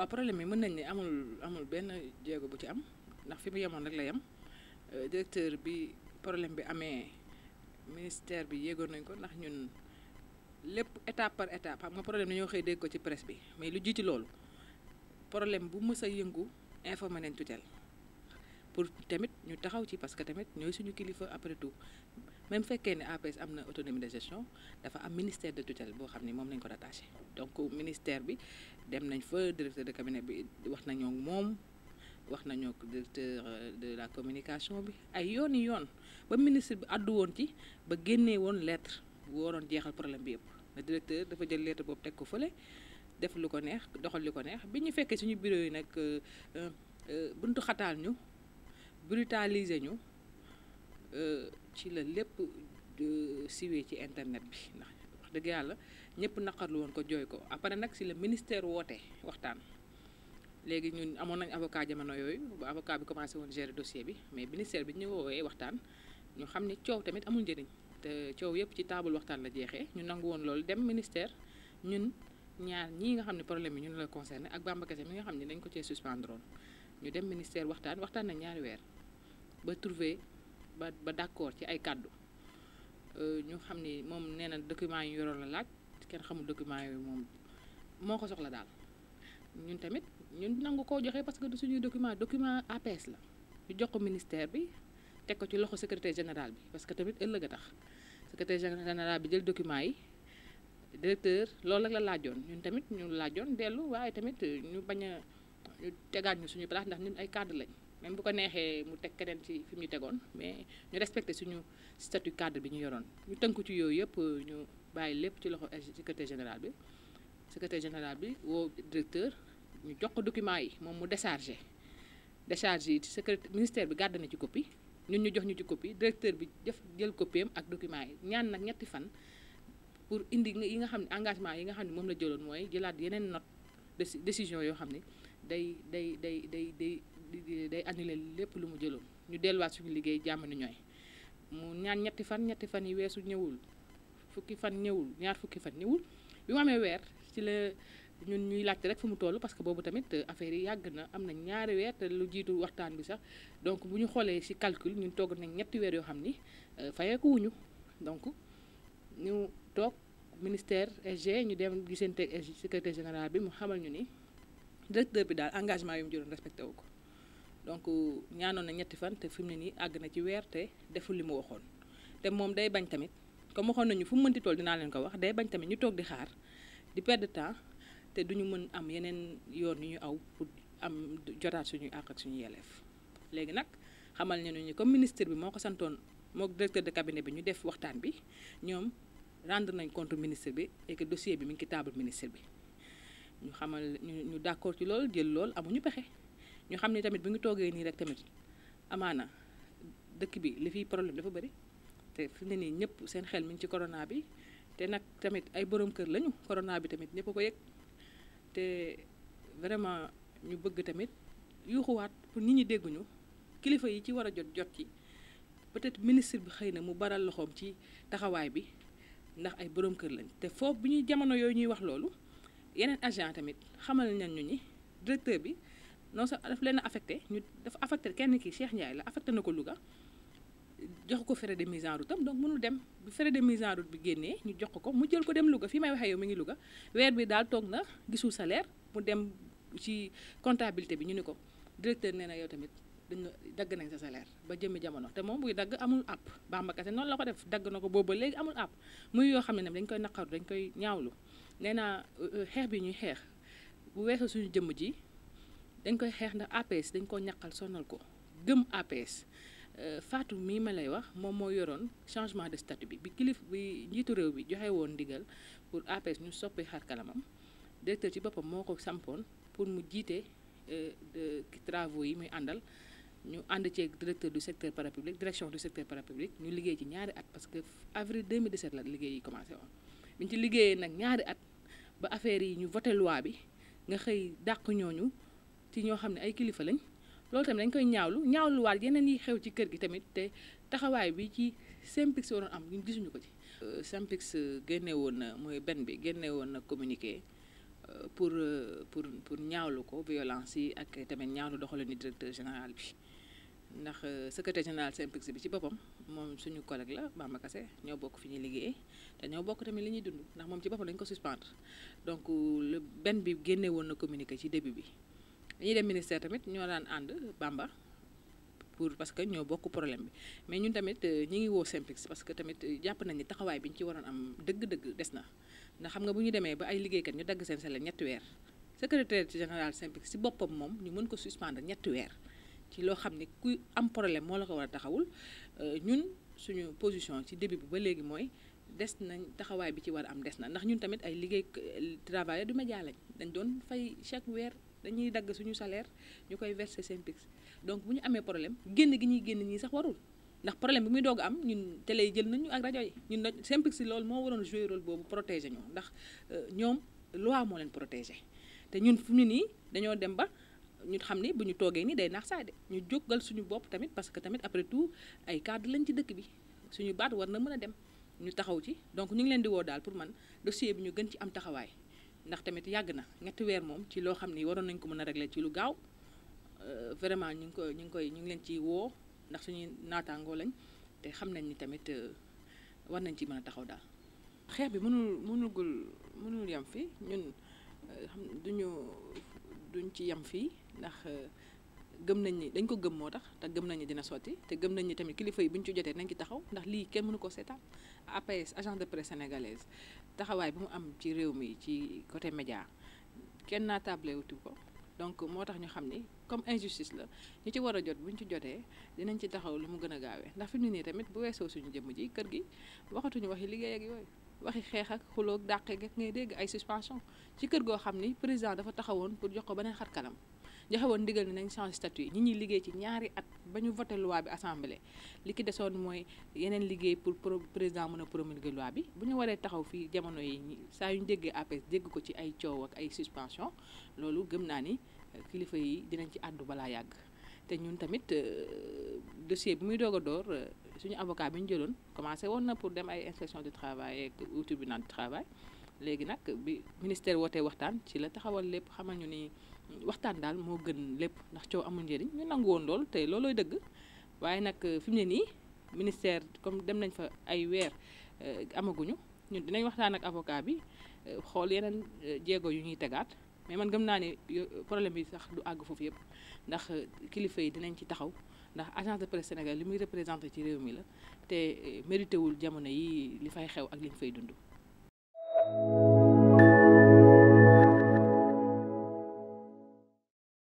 waaw problème bi mën nañ ne amul amul benn jéego bu ci am ndax fi mu yemoon rek la yem euh, directeur bi problème bi amee ministère bi yéegoon nañ ko ndax ñun lépp étape par étape xam nga problème dañoo xëy dégg ko ci presse bi mais lu jiitu loolu problème bu mës a yëngu informé nañ tutelle pour tamit ñu taxaw ci parce que tamit ñooy suñu kilifa après tout même fekkee ne APS am na autonomie de gestion dafa am ministère de tutelle boo xam ne moom lañ ko rattaché donc ministère bi dem nañ fa directeur de cabinet bi wax nañoo moom wax nañoo directeur euh, de la communication bi ay yooni yoon ba ministre bi addu woon ci ba génnee woon lettre bu waroon jeexal problème bi yëpp le directeur dafa jël lettre boobu teg ko fële def lu ko neex doxal lu ko neex bi ñu fekkee suñu bureau yi nag euh, euh, buntu xataal ñu brutaliser ñu Euh, ci la lépp siwee ci internet bi ndax wax dëgg yàlla ñëpp naqarlu woon ko jooy ko après nag si la ministère woote waxtaan léegi ñun amoon nañ avocat jamono yooyu ba avocat bi commencé woon gérer dossier bi mais ministère bi ñu woowee waxtaan ñu xam ni coow tamit amul njëriñ te coow yëpp ci taabal waxtaan la jeexee ñu nangu woon loolu dem ministère ñun ñaar ñii nga xam ne problème bi ñun la concerné ak Bamba Kassé mi nga xam ni dañ ko cee suspendroon ñu dem ministère waxtaan waxtaan na ñaari weer ba d'accord ci ay euh ñu xamni ni moom document yu yoro la laaj kenn xamu document yu mom moko soxla dal ñun tamit ñun nangu ko joxe parce que du suñu document document APS la ñu jox ko ministère bi tek ko ci loxo secrétaire général bi parce que tamit ëllëg tax secrétaire général bi jël document yi directeur loolu rek la laajoon ñun tamit ñu laajoon delu waaye tamit ñu bañ a ñu tegaat ñu suñu place ndax ñun ay cadre lañ même bu ko neexee mu teg keneen ci fi mu tegoon mais ñu respecté suñu statut cadre bi ñu yoroon ñu tënku ci yooyu yëpp ñu bàyyi lépp ci loxo secrétaire général bi secrétaire général bi woo directeur ñu jox ko document yi moom mu déchargé décharge yi ci secrétaire ministère bi gàdd ci koppi ñun ñu jox ñu ci copie directeur bi def jël copie am ak document yi ñaan nag ñetti fan pour indi yi nga xam ne engagement yi nga xam ne moom la jëloon mooy jëlaat yeneen note décision yoo xam ne day day day day day day annulé lépp lu mu jëloon ñu delluwaat suñu liggéey jàmm ñooy mu ñaan ñetti fan ñetti fan yi weesu ñëwul fukki fan ñëwul ñaar fukki fan ñëwul bi mu amee weer ci la ñun ñuy laajte rek fu mu toll parce que boobu tamit euh, affaire yi yàgg na am na ñaari weer te lu jiitu waxtaan bi sax donc bu ñu xoolee ci calcul ñun togg nañ ñetti weer yoo xam ni euh, fayeekuwuñu donc ñu toog ministère SG ñu dem gisante secrétaire général bi mu xamal ñu ni directeur bi daal engagement yi mu jëloon respecté wu ko. donc ñaanoon na ñetti fan te fi mu ne nii àgg na ci weer te deful li mu waxoon te moom day bañ tamit comme waxoon nañu fu mu mënti tool dinaa leen ko wax day bañ tamit ñu toog di xaar di de temps te du ñu mën am yeneen yoon yu ñu aw pour am jotaat suñuy àq ak suñu yeleef léegi nag xamal ne ni comme ministre bi moo ko santoon moo directeur de cabinet bi ñu def waxtaan bi ñoom rendre nañ compte ministre bi et que dossier bi mi ngi ci table ministre bi ñu xamal ñu ñu d'accord ci loolu jël loolu amuñu pexe. ñu xam ni tamit bu ñu toogee nii rek tamit amaana dëkk bi li fiy problème dafa bëri te fi mu ne nii ñëpp seen xel mi ngi ci corona bi te nag tamit ay borom kër lañu corona bi tamit ñëpp ko yëg te vraiment ñu bëgg tamit yuuxuwaat pour nit ñi dégguñu kilifa yi ci war a jot jot ci peut-être ministre bi xëy na mu baral loxoom ci taxawaay bi ndax ay borom kër lañ te foofu bu ñuy jamono yooyu ñuy wax loolu yeneen agent tamit xamal nañ ñu ñi directeur bi. non sa daf leen affecté ñu dafa affecté kenn ki Cheikh Ndiaye la affecté na ko Louga jox ko frais de mise en route tam donc mënul dem bu frais de mise en route bi génnee ñu jox ko ko mu jël ko dem Louga fii may waxee yow mi ngi Louga weer bi daal toog na gisul salaire mu dem ci comptabilité bi ñu ni ko directeur nee na yow tamit dañ dagg nañ sa salaire ba jëmmi jamono te moom buy dagg amul àpp Bamba Kassé noonu la ko def dagg na ko boobu ba léegi amul àpp muy yoo xam ne dañ koy naqaru dañ koy ñaawlu nee naa euh, euh, xeex bi ñuy xeex bu weesoo suñu jëmm ji dañ koy xeex ndax APS dañ koo ñaqal sonal ko gëm APS euh, Fatou mii ma lay wax moom moo yoroon changement de statut bi bi kilif bi njiitu réew bi joxe woon ndigal pour APS ñu soppee xar kanamam directeur ci boppam moo ko sampoon pour mu jiite euh, travaux yi muy àndal ñu ànd ceeg directeur du secteur parapublic direction du secteur parapublic ñu liggéey ci ñaari at parce que avril 2017 la liggéey yi commencé woon ñu ci liggéeyee nag ñaari at ba affaire yi ñu voté loi bi nga xëy dàq ñooñu. ci ñoo xam ne ay kilifa lañ loolu tamit dañ koy ñaawlu ñaawluwaat yeneen yi xew ci kër gi tamit te taxawaay bi ci simpix waroon am ñun gisuñu ko ci. Euh, simpix génne woon na mooy benn bi génne woon na communiqué euh, pour euh, pour pour ñaawlu ko violence yi ak tamit ñaawlu ni directeur général bi. ndax secrétaire général simpix bi ci boppam moom suñu collègue la Bamba Kassé ñoo bokk fi ñuy liggéeyee te ñoo bokk tamit li ñuy dund ndax moom ci boppam dañ ko suspendre donc le ben bi génne woon na communiqué ci début bi. ñu dem ministère tamit ñoo daan ànd Bamba pour parce que ñoo bokk problème bi mais ñun tamit euh, ñi ngi woo Synpics parce que tamit euh, jàpp nañu taxawaay bi ñu ci waroon am dëgg-dëgg des na ndax xam nga bu ñu demee ba ay liggéeykat ñu dagg seen salaire ñetti weer secrétaire général Synpics si boppam moom ñu mën ko suspendre ñetti weer ci loo xam ne kuy am problème moo la ko war a taxawul euh, ñun suñu position ci début bi ba léegi mooy. des nañ taxawaay bi ci war a am des na ndax ñun tamit ay liggéey travailleur du média lañ dañ doon fay chaque weer dañuy dagg suñu salaire ñu koy verser Synpics donc bu ñu amee problème génn gi ñuy génn ñii sax warul ndax problème bi muy doog am ñun télé yi jël nañu ak rajo yi ñun dañ Synpics loolu moo waroon jouer rôle boobu protéger ñu ndax euh, ñoom loi moo leen protéger te ñun fu mu nii dañoo dem ba. ñu xam ni bu ñu toogee nii day naax saa de ñu jógal suñu bopp tamit parce que tamit après tout ay cadre lañ ci dëkk bi suñu baat war na mën a dem ñu taxaw ci donc ñu ngi leen di woo daal pour man dossier bi ñu gën ci am taxawaay ndax tamit yàgg na ñetti weer moom ci loo xam ni waroon nañ ko mën a régler ci lu gaaw euh, vraiment ñu ngi koy ñu ngi koy ñu ngi leen ci woo ndax suñuy naataangoo lañ te xam nañ ni tamit euh, war nañ ci mën a taxaw daal. xeex bi mënul mënugul mënul yem fii ñun euh, xam duñu duñ ci yem fii ndax. gëm nañ ni dañ ko gëm moo tax te gëm nañ ni dina sotti te gëm nañ ni tamit kilifa yi bu ñu ci jotee nañ ci taxaw ndax lii kenn mënu ko seetaan APS agence de presse sénégalaise taxawaay bu mu am ci réew mi ci côté média kenn naa table wutu ko donc moo tax ñu xam ni comme injustice la ñu ci war a jot bu ñu ci jotee dinañ ci taxaw lu mu gën a gaawee ndax fi mu ne nii tamit bu weesoo suñu jëmm ji kër gi waxatuñu waxi liggéey ak yooyu waxi xeex ak xuloo dàqe ak ngay dégg ay suspension ci kër goo xam ni président dafa taxawoon pour jox ko beneen xar kanam joxe woon ndigal ni nañ change statut yi ñi ñuy liggéey ci ñaari at ba ñu voté loi bi assemblée li ki desoon mooy yeneen liggéey pour président mën a promulguer loi bi bu ñu waree taxaw fii jamono yi saa yu ñu déggee APS dégg ko ci ay coow ak ay suspension loolu gëm naa ni euh, kilifa yi dinañ ci àddu balaa yàgg te ñun tamit euh, dossier bi muy doog a door euh, suñu avocat bi ñu jëloon commencé woon na pour dem ay inspection du uti ak tribunal du travail léegi nag bi ministère wootee waxtaan ci la taxawal lépp xamal ñu ni waxtaan daal moo gën lépp ndax coow amul njëriñ ñu nangu woon lool te loolooy dëgg waaye nag fi mu ne nii ministère comme dem nañ fa ay weer eh, amaguñu ñun dinañ waxtaan ak avocat bi eh, xool yeneen eh, jéego yu ñuy tegaat mais man gëm naa ne problème bi sax du àgg foofu yëpp ndax kilifa yi dinañ ci taxaw ndax agence de presse Sénégal li muy représenté ci réew mi la te mérité wul jamono yi li fay xew ak li fay dund.